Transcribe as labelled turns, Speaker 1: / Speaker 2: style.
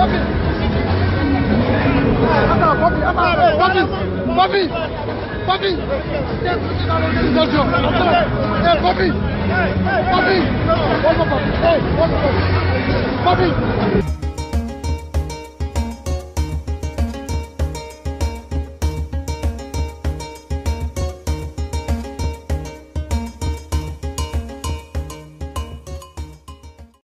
Speaker 1: Papi, papi, c'est dans l'organisation. Papi,
Speaker 2: papi, papi.